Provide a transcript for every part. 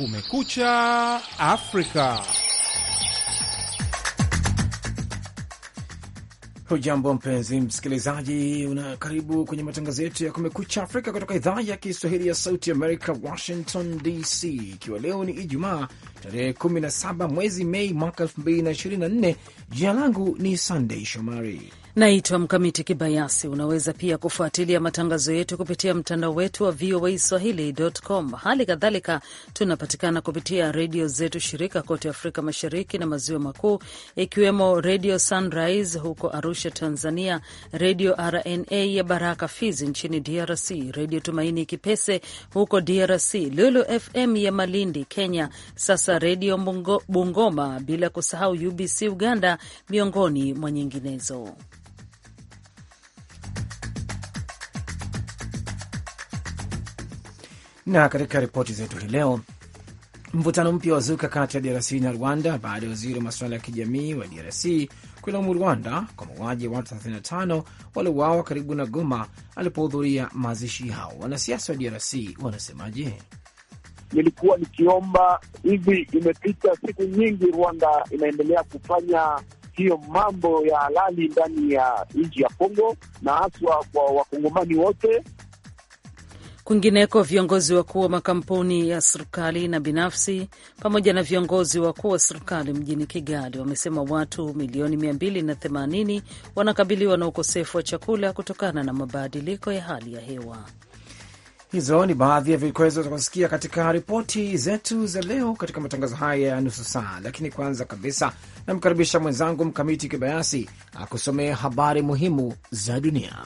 Kumekucha Afrika. Hujambo mpenzi msikilizaji, una karibu kwenye matangazo yetu ya Kumekucha Afrika kutoka idhaa ya Kiswahili ya Sauti Amerika, Washington DC, ikiwa leo ni Ijumaa tarehe 17 mwezi Mei mwaka 2024. Jina langu ni Sandei Shomari Naitwa Mkamiti Kibayasi. Unaweza pia kufuatilia matangazo yetu kupitia mtandao wetu wa VOA Swahili.com. Hali kadhalika tunapatikana kupitia redio zetu shirika kote Afrika Mashariki na Maziwa Makuu, ikiwemo Redio Sunrise huko Arusha, Tanzania, Redio RNA ya Baraka Fizi nchini DRC, Redio Tumaini Kipese huko DRC, Lulu FM ya Malindi, Kenya, sasa Redio Bungoma, bila kusahau UBC Uganda, miongoni mwa nyinginezo. Na katika ripoti zetu hii leo, mvutano mpya wazuka kati ya DRC na Rwanda baada ya waziri wa masuala ya kijamii wa DRC kuilaumu Rwanda kwa mauaji ya watu 35 waliouawa karibu na Goma alipohudhuria mazishi hao. Wanasiasa wa DRC wanasemaje? Nilikuwa nikiomba hivi, imepita siku nyingi, Rwanda inaendelea kufanya hiyo mambo ya halali ndani ya nchi ya Kongo na haswa kwa wakongomani wote Kwingineko, viongozi wakuu wa makampuni ya serikali na binafsi pamoja na viongozi wakuu wa serikali mjini Kigali wamesema watu milioni 280 wanakabiliwa na ukosefu wa chakula kutokana na mabadiliko ya hali ya hewa. Hizo ni baadhi ya vikwezo kusikia katika ripoti zetu za leo katika matangazo haya ya nusu saa. Lakini kwanza kabisa, namkaribisha mwenzangu Mkamiti Kibayasi akusomea habari muhimu za dunia.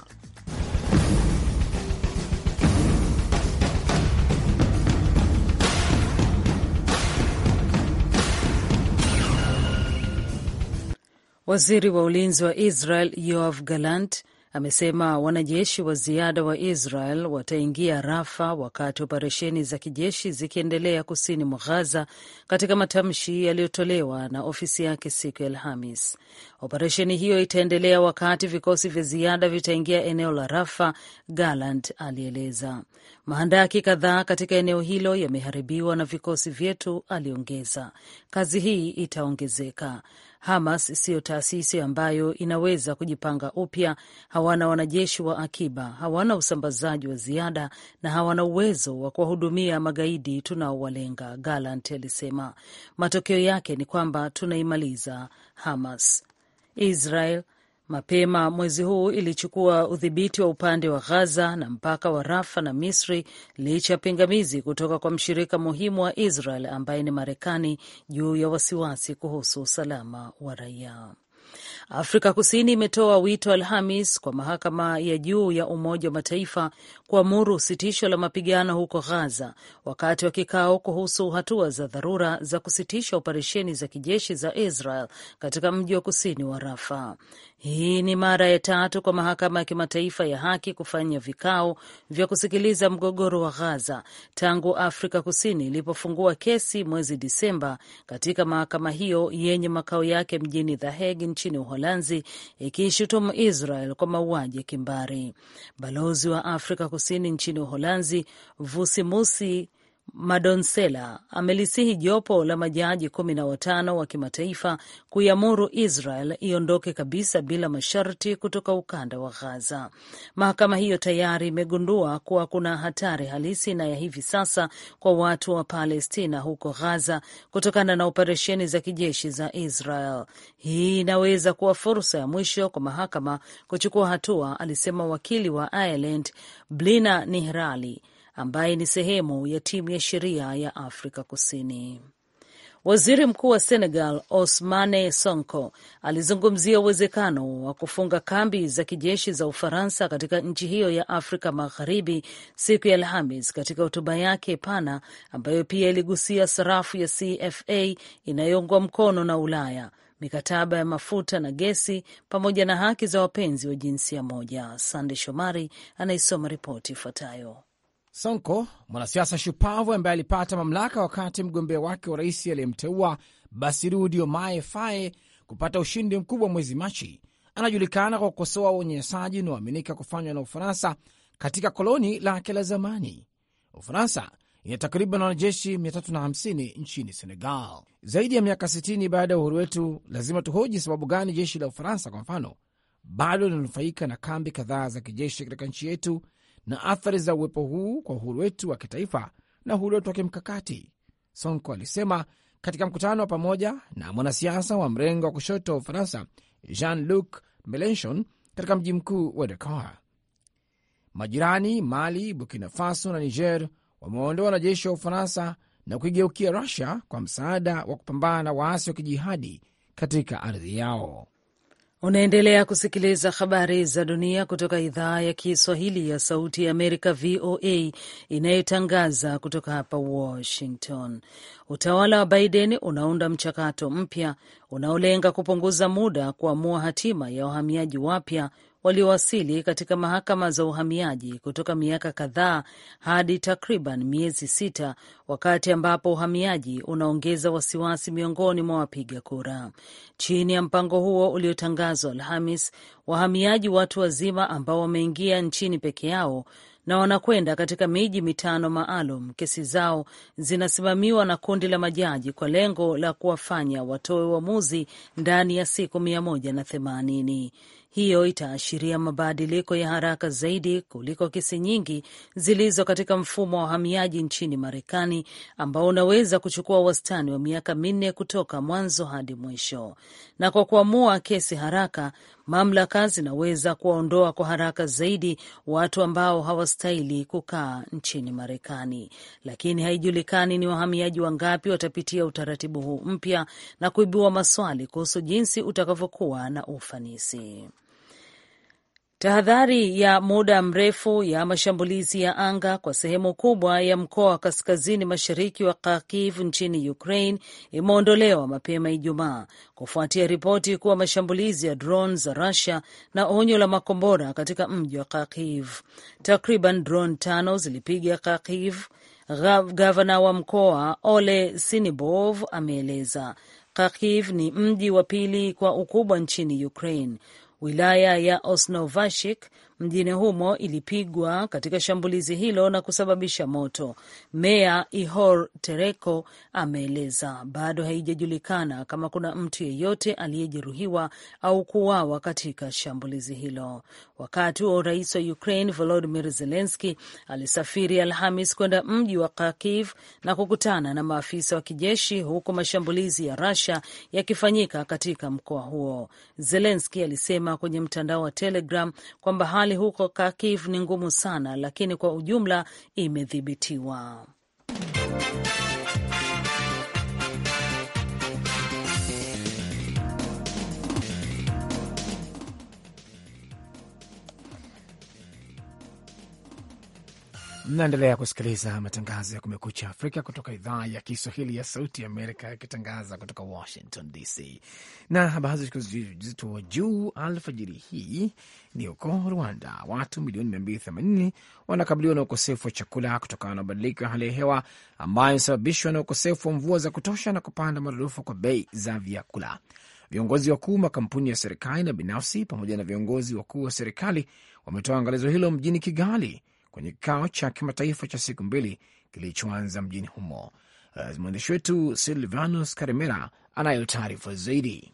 Waziri wa ulinzi wa Israel Yoav Gallant amesema wanajeshi wa ziada wa Israel wataingia Rafa wakati operesheni za kijeshi zikiendelea kusini mwa Ghaza. Katika matamshi yaliyotolewa na ofisi yake siku ya Alhamis, operesheni hiyo itaendelea wakati vikosi vya ziada vitaingia eneo la Rafa, Gallant alieleza. Mahandaki kadhaa katika eneo hilo yameharibiwa na vikosi vyetu, aliongeza. Kazi hii itaongezeka. Hamas siyo taasisi ambayo inaweza kujipanga upya. Hawana wanajeshi wa akiba, hawana usambazaji wa ziada na hawana uwezo wa kuwahudumia magaidi tunaowalenga, Gallant alisema. Matokeo yake ni kwamba tunaimaliza Hamas. Israel mapema mwezi huu ilichukua udhibiti wa upande wa Ghaza na mpaka wa Rafa na Misri licha ya pingamizi kutoka kwa mshirika muhimu wa Israel ambaye ni Marekani juu ya wasiwasi kuhusu usalama wa raia. Afrika Kusini imetoa wito Alhamis kwa mahakama ya juu ya Umoja wa Mataifa kuamuru sitisho la mapigano huko Ghaza wakati wa kikao kuhusu hatua za dharura za kusitisha operesheni za kijeshi za Israel katika mji wa kusini wa Rafa. Hii ni mara ya tatu kwa mahakama ya kimataifa ya haki kufanya vikao vya kusikiliza mgogoro wa Gaza tangu Afrika Kusini ilipofungua kesi mwezi Disemba katika mahakama hiyo yenye makao yake mjini The Hague nchini Uholanzi, ikiishutumu Israel kwa mauaji ya kimbari. Balozi wa Afrika Kusini nchini Uholanzi, Vusi Musi Madonsela amelisihi jopo la majaji kumi na watano wa kimataifa kuiamuru Israel iondoke kabisa bila masharti kutoka ukanda wa Gaza. Mahakama hiyo tayari imegundua kuwa kuna hatari halisi na ya hivi sasa kwa watu wa Palestina huko Gaza kutokana na operesheni za kijeshi za Israel. Hii inaweza kuwa fursa ya mwisho kwa mahakama kuchukua hatua, alisema wakili wa Ireland Blina Nihrali ambaye ni sehemu ya timu ya sheria ya Afrika Kusini. Waziri Mkuu wa Senegal Ousmane Sonko alizungumzia uwezekano wa kufunga kambi za kijeshi za Ufaransa katika nchi hiyo ya Afrika Magharibi siku ya Alhamis katika hotuba yake pana ambayo pia iligusia sarafu ya CFA inayoungwa mkono na Ulaya, mikataba ya mafuta na gesi, pamoja na haki za wapenzi wa jinsia moja. Sande Shomari anaisoma ripoti ifuatayo. Sonko, mwanasiasa shupavu ambaye alipata mamlaka wakati mgombea wake wa rais aliyemteua Basiru Diomaye Faye kupata ushindi mkubwa mwezi Machi, anajulikana kwa kukosoa unyanyasaji unaoaminika kufanywa na Ufaransa katika koloni lake la zamani. Ufaransa ina takriban wanajeshi 350 nchini Senegal. Zaidi ya miaka 60 baada ya uhuru wetu, lazima tuhoji sababu gani jeshi la Ufaransa kwa mfano bado linanufaika na kambi kadhaa za kijeshi katika nchi yetu na athari za uwepo huu kwa uhuru wetu wa kitaifa na uhuru wetu wa kimkakati, Sonko alisema katika mkutano wa pamoja na mwanasiasa wa mrengo wa kushoto wa Ufaransa Jean-Luc Melenchon katika mji mkuu wa Dakar. Majirani Mali, Burkina Faso na Niger wameondoa wanajeshi wa Ufaransa na kuigeukia Rusia kwa msaada wa kupambana na waasi wa kijihadi katika ardhi yao. Unaendelea kusikiliza habari za dunia kutoka idhaa ya Kiswahili ya Sauti ya Amerika, VOA, inayotangaza kutoka hapa Washington. Utawala wa Biden unaunda mchakato mpya unaolenga kupunguza muda kuamua hatima ya wahamiaji wapya waliowasili katika mahakama za uhamiaji kutoka miaka kadhaa hadi takriban miezi sita, wakati ambapo uhamiaji unaongeza wasiwasi miongoni mwa wapiga kura. Chini ya mpango huo uliotangazwa Alhamis, wahamiaji watu wazima ambao wameingia nchini peke yao na wanakwenda katika miji mitano maalum, kesi zao zinasimamiwa na kundi la majaji kwa lengo la kuwafanya watoe uamuzi ndani ya siku mia moja na themanini. Hiyo itaashiria mabadiliko ya haraka zaidi kuliko kesi nyingi zilizo katika mfumo wa uhamiaji nchini Marekani, ambao unaweza kuchukua wastani wa miaka minne kutoka mwanzo hadi mwisho. Na kwa kuamua kesi haraka, mamlaka zinaweza kuwaondoa kwa haraka zaidi watu ambao hawastahili kukaa nchini Marekani. Lakini haijulikani ni wahamiaji wangapi watapitia utaratibu huu mpya na kuibua maswali kuhusu jinsi utakavyokuwa na ufanisi. Tahadhari ya muda mrefu ya mashambulizi ya anga kwa sehemu kubwa ya mkoa wa kaskazini mashariki wa Kharkiv nchini Ukraine imeondolewa mapema Ijumaa kufuatia ripoti kuwa mashambulizi ya drone za Russia na onyo la makombora katika mji wa Kharkiv. Takriban drone tano zilipiga Kharkiv, gavana wa mkoa Ole Sinibov ameeleza. Kharkiv ni mji wa pili kwa ukubwa nchini Ukraine wilaya ya Osnovashik mjini humo ilipigwa katika shambulizi hilo na kusababisha moto. Meya Ihor Tereko ameeleza bado haijajulikana kama kuna mtu yeyote aliyejeruhiwa au kuuawa katika shambulizi hilo. Wakati huo rais wa Ukraine Volodimir Zelenski alisafiri Alhamis kwenda mji wa Kharkiv na kukutana na maafisa wa kijeshi, huku mashambulizi ya Russia yakifanyika katika mkoa huo. Zelenski alisema kwenye mtandao wa Telegram kwamba hali hali huko Kharkiv ni ngumu sana, lakini kwa ujumla imedhibitiwa. Mnaendelea kusikiliza matangazo ya Kumekucha Afrika kutoka idhaa ya Kiswahili ya Sauti ya Amerika, yakitangaza kutoka Washington DC. Na habari zilizouzito wa juu alfajiri hii ni huko Rwanda, watu milioni 280 wanakabiliwa na ukosefu wa chakula kutokana na mabadiliko ya hali ya hewa ambayo imesababishwa na ukosefu wa mvua za kutosha na kupanda maradufu kwa bei za vyakula. Viongozi wakuu makampuni ya serikali na binafsi pamoja na viongozi wakuu wa serikali wametoa angalizo hilo mjini Kigali kwenye kikao cha kimataifa cha siku mbili kilichoanza mjini humo. Mwandishi wetu Silvanus Karimera anayo taarifa zaidi.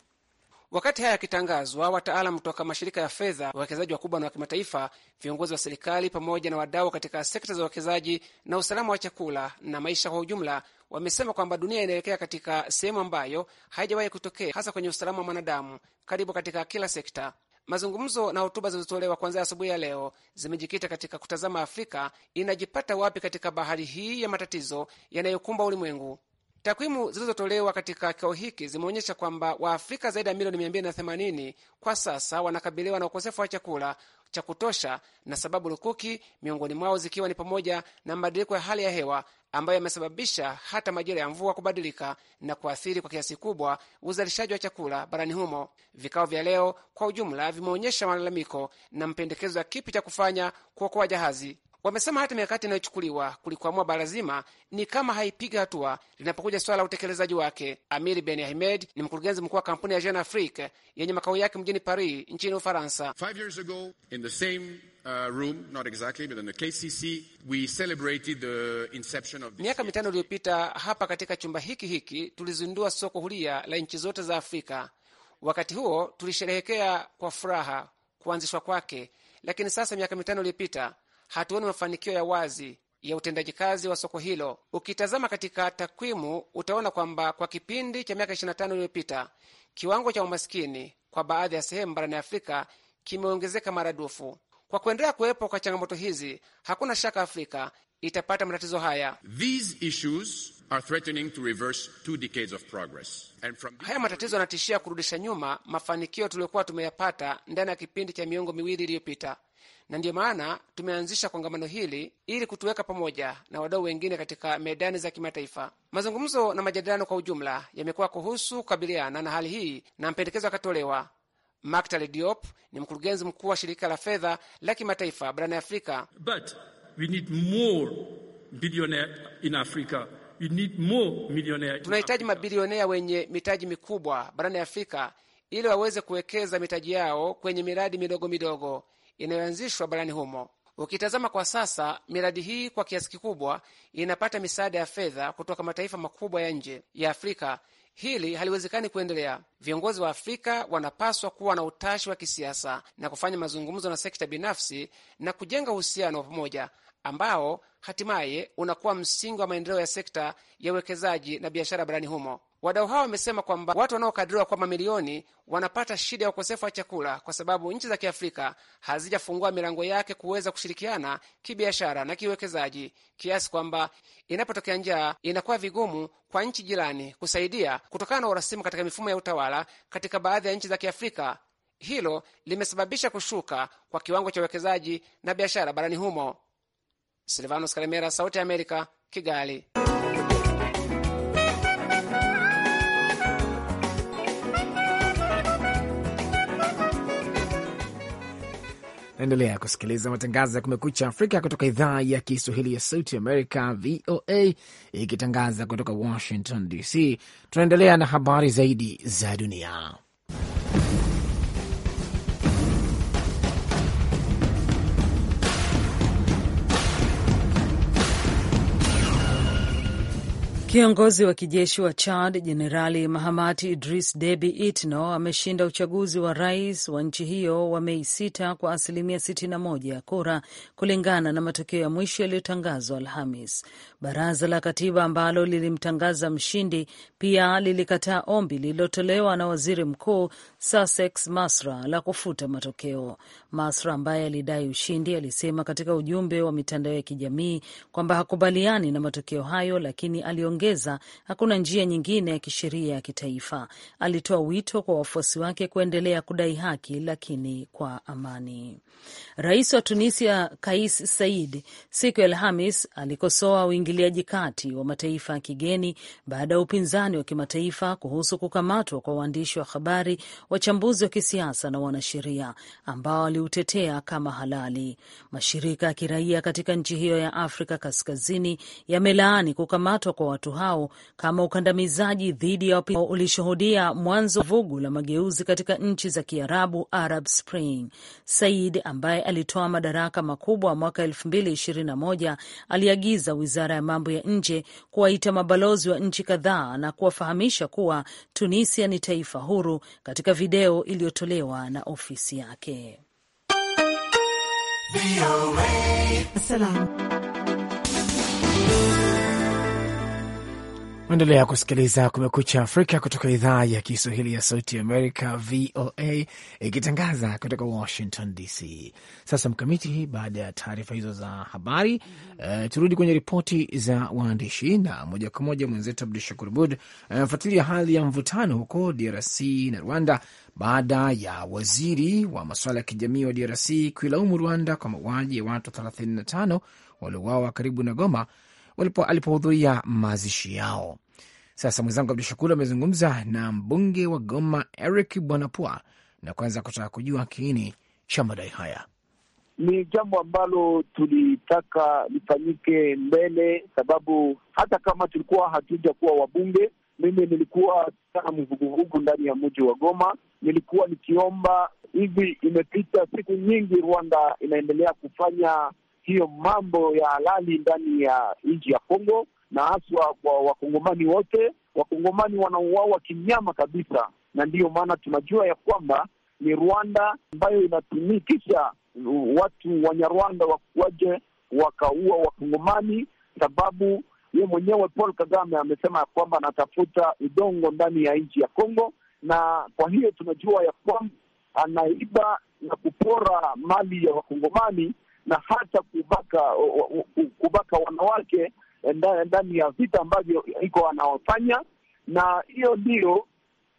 Wakati haya yakitangazwa, wataalam kutoka mashirika ya fedha, wawekezaji wakubwa na wa kimataifa, viongozi wa serikali pamoja na wadau katika sekta za uwekezaji na usalama wa chakula na maisha kwa ujumla wamesema kwamba dunia inaelekea katika sehemu ambayo haijawahi kutokea, hasa kwenye usalama wa mwanadamu karibu katika kila sekta. Mazungumzo na hotuba zilizotolewa kuanzia asubuhi ya leo zimejikita katika kutazama Afrika inajipata wapi katika bahari hii ya matatizo yanayokumba ulimwengu. Takwimu zilizotolewa katika kikao hiki zimeonyesha kwamba Waafrika zaidi ya milioni 280 kwa sasa wanakabiliwa na ukosefu wa chakula cha kutosha na sababu lukuki, miongoni mwao zikiwa ni pamoja na mabadiliko ya hali ya hewa ambayo yamesababisha hata majira ya mvua kubadilika na kuathiri kwa kiasi kubwa uzalishaji wa chakula barani humo. Vikao vya leo kwa ujumla vimeonyesha malalamiko na mpendekezo ya kipi cha kufanya kuokoa jahazi. Wamesema hata mikakati inayochukuliwa kulikwamua bara zima ni kama haipiga hatua linapokuja swala la utekelezaji wake. Amir Ben Ahmed ni mkurugenzi mkuu wa kampuni ya Jeune Afrique yenye makao yake mjini Paris nchini Ufaransa. Miaka mitano iliyopita hapa katika chumba hiki hiki tulizindua soko huria la nchi zote za Afrika. Wakati huo tulisherehekea kwa furaha kuanzishwa kwake, lakini sasa miaka mitano iliyopita hatuoni mafanikio ya wazi ya utendaji kazi wa soko hilo. Ukitazama katika takwimu, utaona kwamba kwa kipindi cha miaka 25 iliyopita kiwango cha umaskini kwa baadhi ya sehemu barani Afrika kimeongezeka maradufu. Kwa kuendelea kuwepo kwa changamoto hizi, hakuna shaka Afrika itapata matatizo haya. These issues are threatening to reverse two decades of progress. And from... haya matatizo yanatishia kurudisha nyuma mafanikio tuliyokuwa tumeyapata ndani ya kipindi cha miongo miwili iliyopita na ndiyo maana tumeanzisha kongamano hili ili kutuweka pamoja na wadau wengine katika medani za kimataifa. Mazungumzo na majadiliano kwa ujumla yamekuwa kuhusu kukabiliana na hali hii na mpendekezo yakatolewa. Maktale Diop ni mkurugenzi mkuu wa shirika la fedha la kimataifa barani Afrika. But we need more billionaire in Africa. We need more millionaire tunahitaji mabilionea wenye mitaji mikubwa barani Afrika ili waweze kuwekeza mitaji yao kwenye miradi midogo midogo inayoanzishwa barani humo. Ukitazama kwa sasa, miradi hii kwa kiasi kikubwa inapata misaada ya fedha kutoka mataifa makubwa ya nje ya Afrika. Hili haliwezekani kuendelea. Viongozi wa Afrika wanapaswa kuwa na utashi wa kisiasa na kufanya mazungumzo na sekta binafsi na kujenga uhusiano wa pamoja ambao hatimaye unakuwa msingi wa maendeleo ya sekta ya uwekezaji na biashara barani humo. Wadau hao wamesema kwamba watu wanaokadiriwa kwa mamilioni wanapata shida ya ukosefu wa chakula kwa sababu nchi za Kiafrika hazijafungua milango yake kuweza kushirikiana kibiashara na kiwekezaji, kiasi kwamba inapotokea njaa inakuwa vigumu kwa nchi jirani kusaidia kutokana na urasimu katika mifumo ya utawala katika baadhi ya nchi za Kiafrika. Hilo limesababisha kushuka kwa kiwango cha uwekezaji na biashara barani humo. Silvanos Sauti ya Amerika, Kigali. Naendelea kusikiliza matangazo ya Kumekucha Afrika kutoka idhaa ya Kiswahili ya Sauti Amerika, VOA, ikitangaza kutoka Washington DC. Tunaendelea na habari zaidi za dunia. Kiongozi wa kijeshi wa Chad Jenerali Mahamati Idris debi Itno ameshinda uchaguzi wa rais wa nchi hiyo wa Mei sita kwa asilimia 61 ya kura kulingana na matokeo ya mwisho yaliyotangazwa Alhamis. Baraza la Katiba ambalo lilimtangaza mshindi pia lilikataa ombi lililotolewa na waziri mkuu Sasex Masra la kufuta matokeo. Masra ambaye alidai ushindi alisema katika ujumbe wa mitandao ya kijamii kwamba hakubaliani na matokeo hayo, lakini aliongea kuongeza hakuna njia nyingine ya kisheria ya kitaifa. Alitoa wito kwa wafuasi wake kuendelea kudai haki, lakini kwa amani. Rais wa Tunisia Kais Said siku ya Alhamis alikosoa uingiliaji kati wa mataifa ya kigeni baada ya upinzani wa kimataifa kuhusu kukamatwa kwa waandishi wa habari, wachambuzi wa kisiasa na wanasheria ambao aliutetea kama halali. Mashirika ya kiraia katika nchi hiyo ya Afrika Kaskazini yamelaani kukamatwa kwa watu watu hao kama ukandamizaji dhidi ya wapinzani ulishuhudia mwanzo vugu la mageuzi katika nchi za Kiarabu, Arab Spring. Said ambaye alitoa madaraka makubwa mwaka 2021 aliagiza wizara ya mambo ya nje kuwaita mabalozi wa nchi kadhaa na kuwafahamisha kuwa Tunisia ni taifa huru, katika video iliyotolewa na ofisi yake. Maendelea kusikiliza Kumekucha Afrika kutoka idhaa ya Kiswahili ya Sauti Amerika, VOA, ikitangaza kutoka Washington DC. Sasa Mkamiti, baada ya taarifa hizo za habari mm -hmm. uh, turudi kwenye ripoti za waandishi na moja kwa moja mwenzetu Abdu Shakur bud anafuatilia eh, uh, hali ya mvutano huko DRC na Rwanda baada ya waziri wa masuala ya kijamii wa DRC kuilaumu Rwanda kwa mauaji ya watu 35 waliouawa karibu na Goma alipohudhuria mazishi yao. Sasa mwenzangu Abdu Shakuru amezungumza na mbunge wa Goma Eric Bwanapua na kwanza kutaka kujua kiini cha madai haya. Ni jambo ambalo tulitaka lifanyike mbele, sababu hata kama tulikuwa hatuja kuwa wabunge, mimi nilikuwa sana mvuguvugu ndani ya mji wa Goma, nilikuwa nikiomba hivi. Imepita siku nyingi, Rwanda inaendelea kufanya hiyo mambo ya halali ndani ya nchi ya Kongo na haswa kwa wakongomani wote. Wakongomani wanauawa kinyama kabisa, na ndiyo maana tunajua ya kwamba ni Rwanda ambayo inatumikisha watu Wanyarwanda wakuaje wakaua wakongomani, sababu ye mwenyewe Paul Kagame amesema ya kwamba anatafuta udongo ndani ya nchi ya Kongo, na kwa hiyo tunajua ya kwamba anaiba na kupora mali ya wakongomani na hata kubaka kubaka wanawake eh, ndani ya vita ambavyo iko wanaofanya, na hiyo ndiyo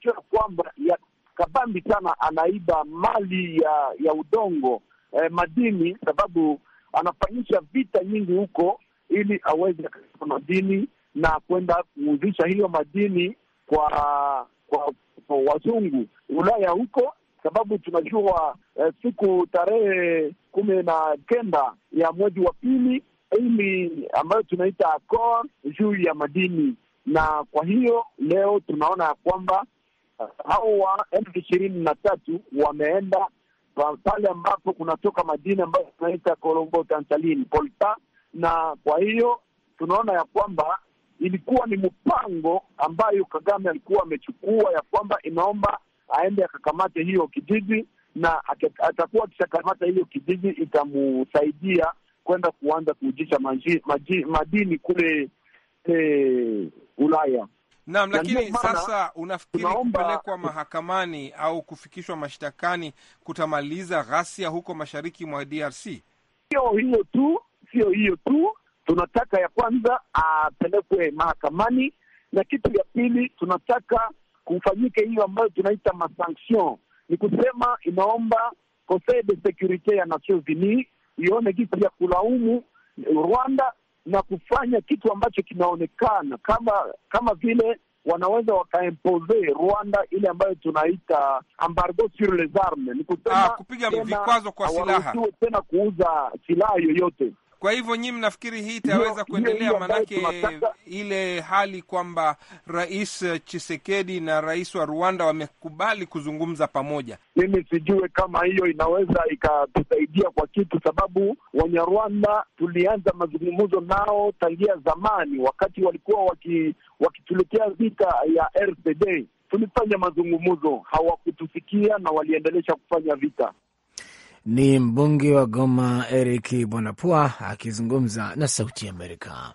sio kwamba ya kabambi sana anaiba mali ya ya udongo eh, madini, sababu anafanyisha vita nyingi huko ili aweze katika madini na kwenda kuuzisha hiyo madini kwa kwa, kwa wazungu Ulaya huko sababu tunajua eh, siku tarehe kumi na kenda ya mwezi wa pili ili ambayo tunaita akor juu ya madini, na kwa hiyo leo tunaona ya kwamba eh, hao wa elfu ishirini na tatu wameenda pale ambapo kunatoka madini ambayo tunaita Colombo Tantalin Polta, na kwa hiyo tunaona ya kwamba ilikuwa ni mpango ambayo Kagame alikuwa amechukua ya kwamba inaomba aende akakamate hiyo kijiji, na atakuwa akishakamata hiyo kijiji itamusaidia kwenda kuanza kuujisha madini kule e, Ulaya. Naam, lakini sasa unafikiri kupelekwa mahakamani au kufikishwa mashtakani kutamaliza ghasia huko mashariki mwa DRC? Sio hiyo tu, sio hiyo tu. Tunataka ya kwanza apelekwe mahakamani, na kitu ya pili tunataka kufanyike hiyo ambayo tunaita masanction, ni kusema inaomba Conseil de Securite ya Nations Unies ione kitu ya kulaumu Rwanda na kufanya kitu ambacho kinaonekana kama kama vile wanaweza wakaimpose Rwanda ile ambayo tunaita embargo sur les armes, ni kusema ah, kupiga vikwazo kwa silaha tena kuuza silaha yoyote. Kwa hivyo nyinyi mnafikiri hii itaweza kuendelea? Maanake ile hali kwamba Rais Chisekedi na rais wa Rwanda wamekubali kuzungumza pamoja, mimi sijue kama hiyo inaweza ikatusaidia kwa kitu, sababu Wanyarwanda tulianza mazungumzo nao tangia zamani, wakati walikuwa waki, wakituletea vita ya RCD tulifanya mazungumzo, hawakutusikia na waliendelesha kufanya vita. Ni mbunge wa Goma Eric Bwanapua akizungumza na Sauti Amerika.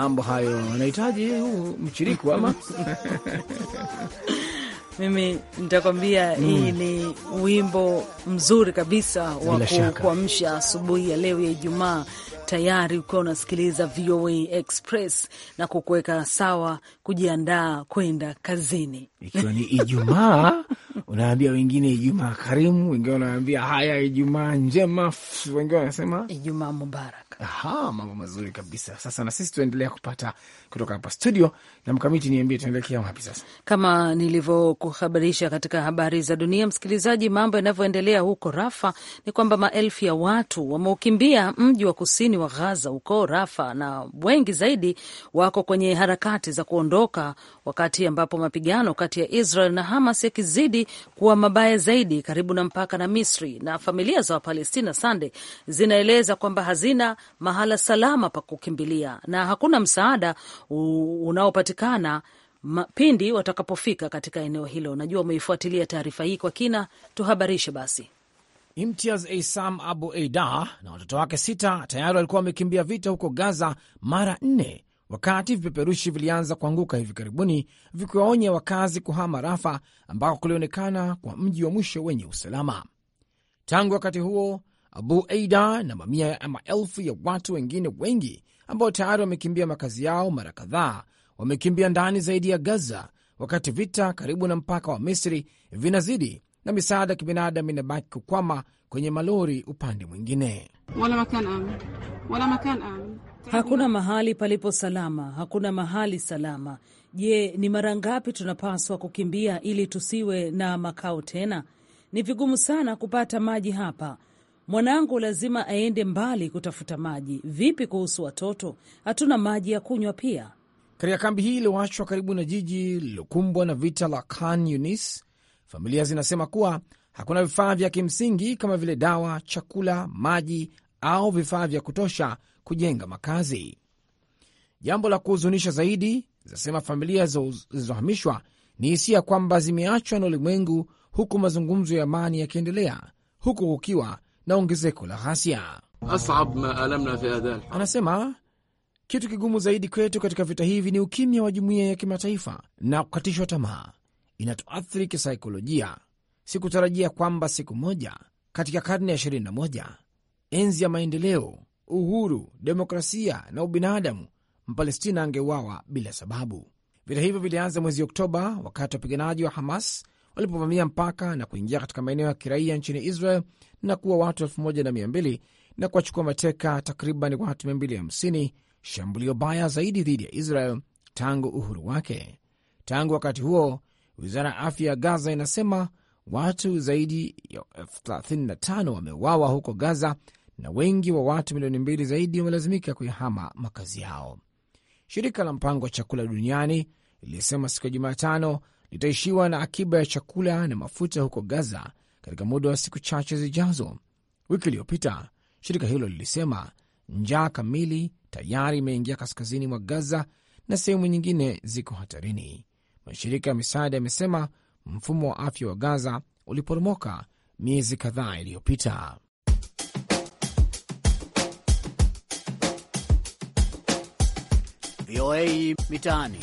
mambo hayo anahitaji mchiriku ama mimi nitakwambia mm. Hii ni wimbo mzuri kabisa wa kuamsha asubuhi ya leo ya Ijumaa tayari ukiwa unasikiliza VOA Express na kukuweka sawa kujiandaa kwenda kazini, ikiwa ni Ijumaa. Unaambia wengine Ijumaa karimu, wengine wanaambia haya Ijumaa njema, wengine wanasema Ijumaa mubarak. Aha, mambo mazuri kabisa. Sasa na sisi tuendelea kupata kutoka hapa studio na Mkamiti, niambie tunaelekea wapi sasa? Kama nilivyokuhabarisha katika habari za dunia, msikilizaji, mambo yanavyoendelea huko Rafa ni kwamba maelfu ya watu wameukimbia mji wa kusini wa ghaza huko Rafa, na wengi zaidi wako kwenye harakati za kuondoka, wakati ambapo mapigano kati ya Israel na Hamas yakizidi kuwa mabaya zaidi karibu na mpaka na Misri. Na familia za Wapalestina sande zinaeleza kwamba hazina mahala salama pa kukimbilia na hakuna msaada unaopatikana pindi watakapofika katika eneo hilo. Najua umeifuatilia taarifa hii kwa kina, tuhabarishe basi. Imtiaz Eisam Abu Eida na watoto wake sita tayari walikuwa wamekimbia vita huko Gaza mara nne, wakati vipeperushi vilianza kuanguka hivi karibuni vikiwaonya wakazi kuhama Rafa, ambako kulionekana kwa mji wa mwisho wenye usalama. Tangu wakati huo, Abu Eida na mamia ya maelfu ya watu wengine wengi ambao tayari wamekimbia makazi yao mara kadhaa wamekimbia ndani zaidi ya Gaza, wakati vita karibu na mpaka wa Misri vinazidi na misaada ya kibinadamu inabaki kukwama kwenye malori upande mwingine. Hakuna mahali palipo salama, hakuna mahali salama. Je, ni mara ngapi tunapaswa kukimbia ili tusiwe na makao tena? Ni vigumu sana kupata maji hapa. Mwanangu lazima aende mbali kutafuta maji. Vipi kuhusu watoto? Hatuna maji ya kunywa pia. Katika kambi hii iliyoachwa karibu na jiji lililokumbwa na vita la Khan Yunis, Familia zinasema kuwa hakuna vifaa vya kimsingi kama vile dawa, chakula, maji au vifaa vya kutosha kujenga makazi. Jambo la kuhuzunisha zaidi, zinasema familia zilizohamishwa, ni hisia kwamba zimeachwa na ulimwengu, huku mazungumzo ya amani yakiendelea, huku kukiwa na ongezeko la ghasia. Anasema kitu kigumu zaidi kwetu katika vita hivi ni ukimya wa jumuiya ya kimataifa na kukatishwa tamaa inatuathiri kisaikolojia. Sikutarajia kwamba siku moja katika karne ya 21, enzi ya maendeleo, uhuru, demokrasia na ubinadamu, Mpalestina angeuawa bila sababu. Vita hivyo vilianza mwezi Oktoba wakati wapiganaji wa Hamas walipovamia mpaka na kuingia katika maeneo ya kiraia nchini Israel na kuwa watu 1200 na, na kuwachukua mateka takriban watu 250, shambulio baya zaidi dhidi ya Israel tangu uhuru wake. Tangu wakati huo Wizara ya afya ya Gaza inasema watu zaidi ya 35 wameuawa huko Gaza na wengi wa watu milioni mbili zaidi wamelazimika kuyahama makazi yao. Shirika la mpango wa chakula duniani lilisema siku ya Jumatano litaishiwa na akiba ya chakula na mafuta huko Gaza katika muda wa siku chache zijazo. Wiki iliyopita shirika hilo lilisema njaa kamili tayari imeingia kaskazini mwa Gaza na sehemu nyingine ziko hatarini. Mashirika ya misaada yamesema mfumo wa afya wa Gaza uliporomoka miezi kadhaa iliyopita. VOA Mitaani.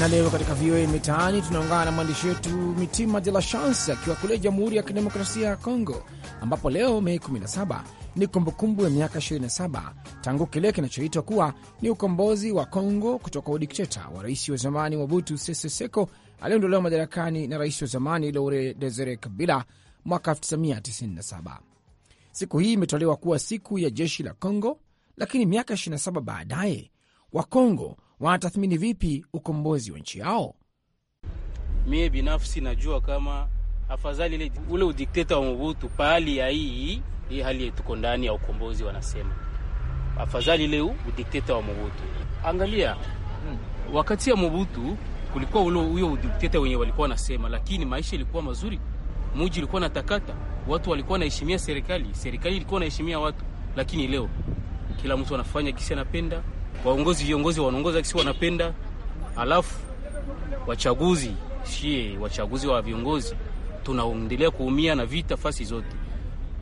Na leo katika VOA Mitaani tunaungana na mwandishi wetu Mitima De La Chance akiwa kule Jamhuri ya Kidemokrasia ya Kongo, ambapo leo Mei 17 ni kumbukumbu ya miaka 27 tangu kile kinachoitwa kuwa ni ukombozi wa Kongo kutoka udikteta wa rais wa zamani Mobutu Sese Seko aliyeondolewa madarakani na rais wa zamani Laurent Desire Kabila mwaka 1997. Siku hii imetolewa kuwa siku ya jeshi la Kongo, lakini miaka 27 baadaye Wakongo wanatathmini vipi ukombozi wa nchi yao? Mie binafsi najua kama afadhali ule udikteta wa Mobutu pahali ya hii hii hali tuko ndani ya ukombozi, wanasema afadhali leo udikteta wa Mobutu. Angalia wakati ya Mobutu kulikuwa ulo huyo udikteta wenye walikuwa wanasema, lakini maisha ilikuwa mazuri, muji ilikuwa natakata, watu walikuwa naheshimia serikali, serikali ilikuwa naheshimia watu. Lakini leo kila mtu anafanya kisi anapenda, waongozi viongozi wanaongoza kisi wanapenda, alafu wachaguzi shie wachaguzi wa viongozi tunaendelea kuumia na vita fasi zote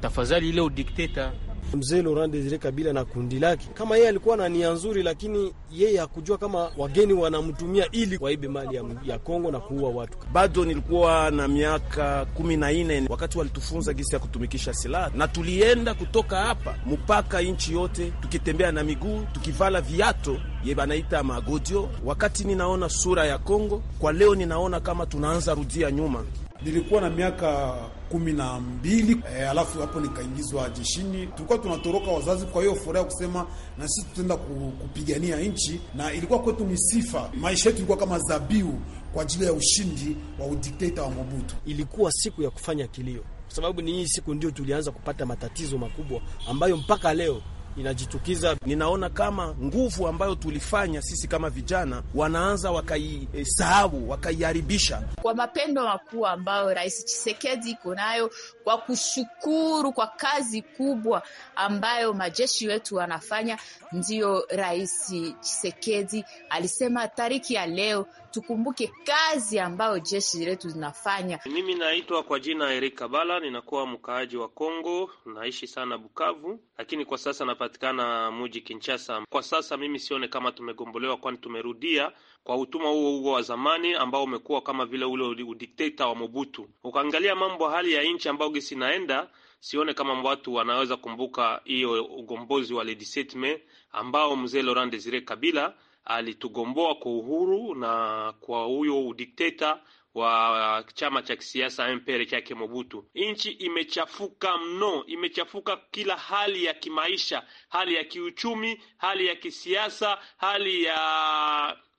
tafadhali ile udikteta Mzee Laurent Desire Kabila na kundi lake, kama yeye alikuwa na nia nzuri, lakini yeye hakujua kama wageni wanamtumia ili waibe mali ya, ya Kongo na kuua watu. Bado nilikuwa na miaka kumi na nne wakati walitufunza gisi ya kutumikisha silaha, na tulienda kutoka hapa mpaka nchi yote tukitembea na miguu tukivala viato ye banaita magodio. Wakati ninaona sura ya Kongo kwa leo, ninaona kama tunaanza rudia nyuma Nilikuwa na miaka kumi na mbili e, alafu hapo nikaingizwa jeshini. Tulikuwa tunatoroka wazazi, kwa hiyo furaha kusema na sisi tutaenda kupigania nchi, na ilikuwa kwetu ni sifa. Maisha yetu ilikuwa kama zabiu kwa ajili ya ushindi wa udikteta wa Mobutu. Ilikuwa siku ya kufanya kilio, kwa sababu ni hii siku ndio tulianza kupata matatizo makubwa ambayo mpaka leo inajitukiza. Ninaona kama nguvu ambayo tulifanya sisi kama vijana wanaanza wakaisahau, wakaiharibisha. Kwa mapendo makuu ambayo Rais chisekedi iko nayo, kwa kushukuru kwa kazi kubwa ambayo majeshi wetu wanafanya, ndiyo Rais chisekedi alisema tariki ya leo tukumbuke kazi ambayo jeshi letu zinafanya. Mimi naitwa kwa jina Eric Kabala, ninakuwa mkaaji wa Kongo, naishi sana Bukavu, lakini kwa sasa napatikana muji Kinshasa. Kwa sasa mimi sione kama tumegombolewa, kwani tumerudia kwa utumwa huo huo wa zamani ambao umekuwa kama vile ule udikteta wa Mobutu. Ukaangalia mambo hali ya nchi ambayo gesi inaenda sione kama watu wanaweza kumbuka hiyo ugombozi wa le 17 Mei ambao mzee Laurent Desire Kabila alitugomboa kwa uhuru na kwa huyo udikteta wa chama cha kisiasa mpere chake Mobutu. Nchi imechafuka mno, imechafuka kila hali ya kimaisha, hali ya kiuchumi, hali ya kisiasa, hali ya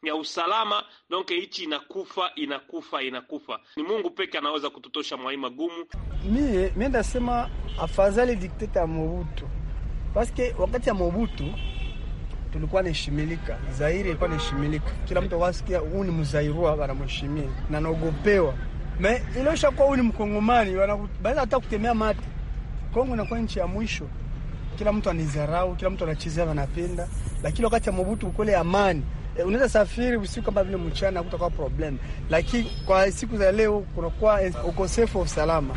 ya usalama. Donke nchi inakufa inakufa inakufa. Ni Mungu peke anaweza kututosha mwai magumu. Mie mi ndasema afadhali dikteta ya Mobutu, paske wakati ya Mobutu tulikuwa naheshimilika, Zairi ilikuwa naheshimilika, kila mtu wasikia huu ni mzairua, wanamheshimia na naogopewa. Me ilosha kuwa huu ni Mkongomani, baada hata kutemea mate. Kongo inakuwa nchi ya mwisho, kila mtu anizarau, kila mtu anachezea, anapenda, Lakini wakati ya Mobutu ukole amani E, unaweza safiri usiku kama vile mchana hakutakuwa problem, lakini kwa siku za leo kunakuwa eh, ukosefu wa usalama.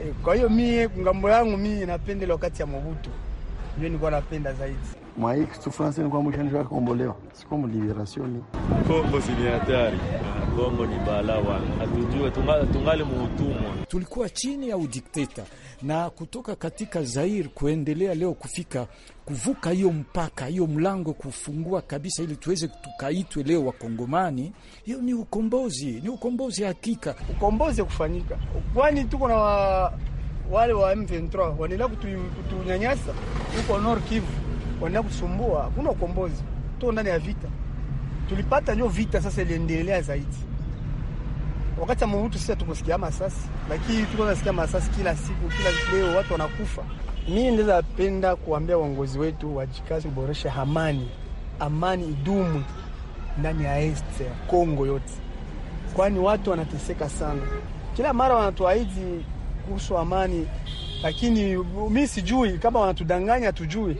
E, kwa hiyo mie ngambo yangu mie napendela wakati ya Mobutu ndio nilikuwa napenda zaidi mwa hii sufranse ni kwamba ushanisha kuombolewa, si kwamba liberasioni. Kongo zini hatari, ah, Kongo ni balaa wana hatujue, tungali muhutumwa. Tulikuwa chini ya udikteta na kutoka katika Zaire kuendelea leo kufika kuvuka hiyo mpaka hiyo mlango kufungua kabisa, ili tuweze tukaitwe leo Wakongomani, hiyo ni ukombozi, ni ukombozi hakika, ukombozi kufanyika, kwani tuko na wale wa M23 wanaendelea kutunyanyasa huko Nord Kivu wanaenda kusumbua. kuna ukombozi, tuko ndani ya vita. Tulipata nyo vita, sasa iliendelea zaidi wakati amuvutu. Sasa tukusikia masasi, lakini tuko nasikia masasi kila siku, kila leo watu wanakufa. Mi ndiza napenda kuambia uongozi wetu wajikazi kuboresha amani, amani idumu ndani ya este ya Kongo yote, kwani watu wanateseka sana. Kila mara wanatuahidi kuhusu amani, lakini mi sijui kama wanatudanganya, tujui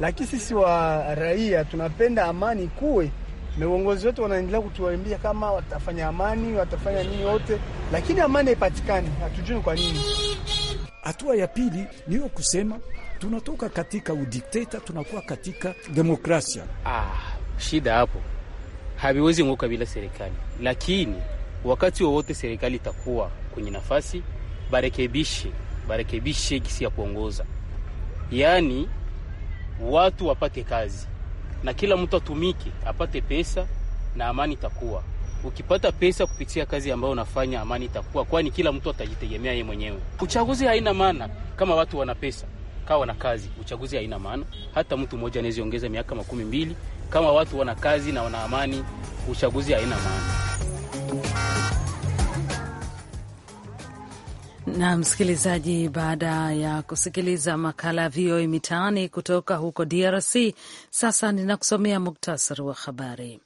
lakini sisi wa raia tunapenda amani kuwe na uongozi wetu wanaendelea kutuambia kama watafanya amani, watafanya nini wote lakini amani haipatikani, hatujui kwa nini. Hatua ya pili hiyo kusema tunatoka katika udikteta tunakuwa katika demokrasia. Ah, shida hapo haviwezi ngoka bila serikali, lakini wakati wowote serikali itakuwa kwenye nafasi, barekebishe barekebishe gisi ya kuongoza, yaani watu wapate kazi na kila mtu atumike apate pesa na amani itakuwa. Ukipata pesa kupitia kazi ambayo unafanya, amani itakuwa, kwani kila mtu atajitegemea yeye mwenyewe. Uchaguzi haina maana kama watu wana pesa, kawa wana kazi, uchaguzi haina maana. Hata mtu mmoja anaweza ongeza miaka makumi mbili. Kama watu wana kazi na wana amani, uchaguzi haina maana. na msikilizaji, baada ya kusikiliza makala ya VOA Mitaani kutoka huko DRC, sasa ninakusomea muktasari wa habari.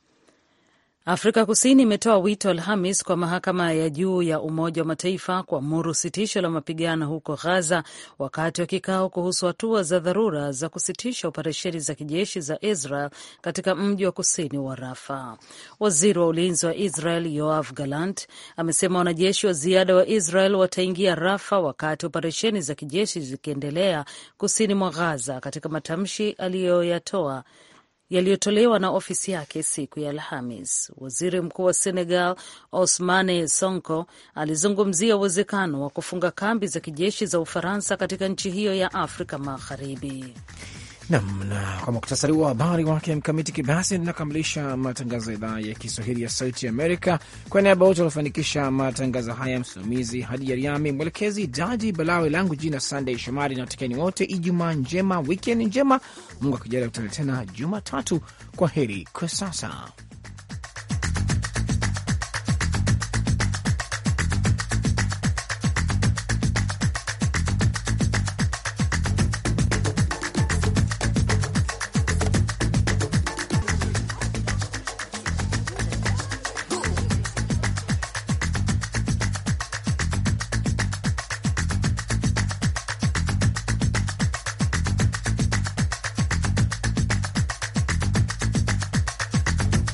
Afrika Kusini imetoa wito Alhamis kwa mahakama ya juu ya Umoja wa Mataifa kuamuru sitisho la mapigano huko Ghaza wakati wa kikao kuhusu hatua za dharura za kusitisha operesheni za kijeshi za Israel katika mji wa kusini wa Rafa. Waziri wa ulinzi wa Israel Yoav Galant amesema wanajeshi wa ziada wa Israel wataingia Rafa wakati operesheni za kijeshi zikiendelea kusini mwa Ghaza, katika matamshi aliyoyatoa yaliyotolewa na ofisi yake siku ya Alhamis. Waziri Mkuu wa Senegal osmane Sonko alizungumzia uwezekano wa kufunga kambi za kijeshi za Ufaransa katika nchi hiyo ya Afrika Magharibi. Nam na kwa muktasari wa habari wake Mkamiti Kibasi, nakamilisha matangazo ya idhaa ya Kiswahili ya Sauti Amerika. Kwa niaba wote waliofanikisha matangazo haya, msimamizi hadi yariami mwelekezi Daji Balawe, langu jina Sandey Shomari na watikeni wote, Ijumaa njema, wikend njema. Mungu akijali, kutana tena Jumatatu. Kwa heri kwa sasa.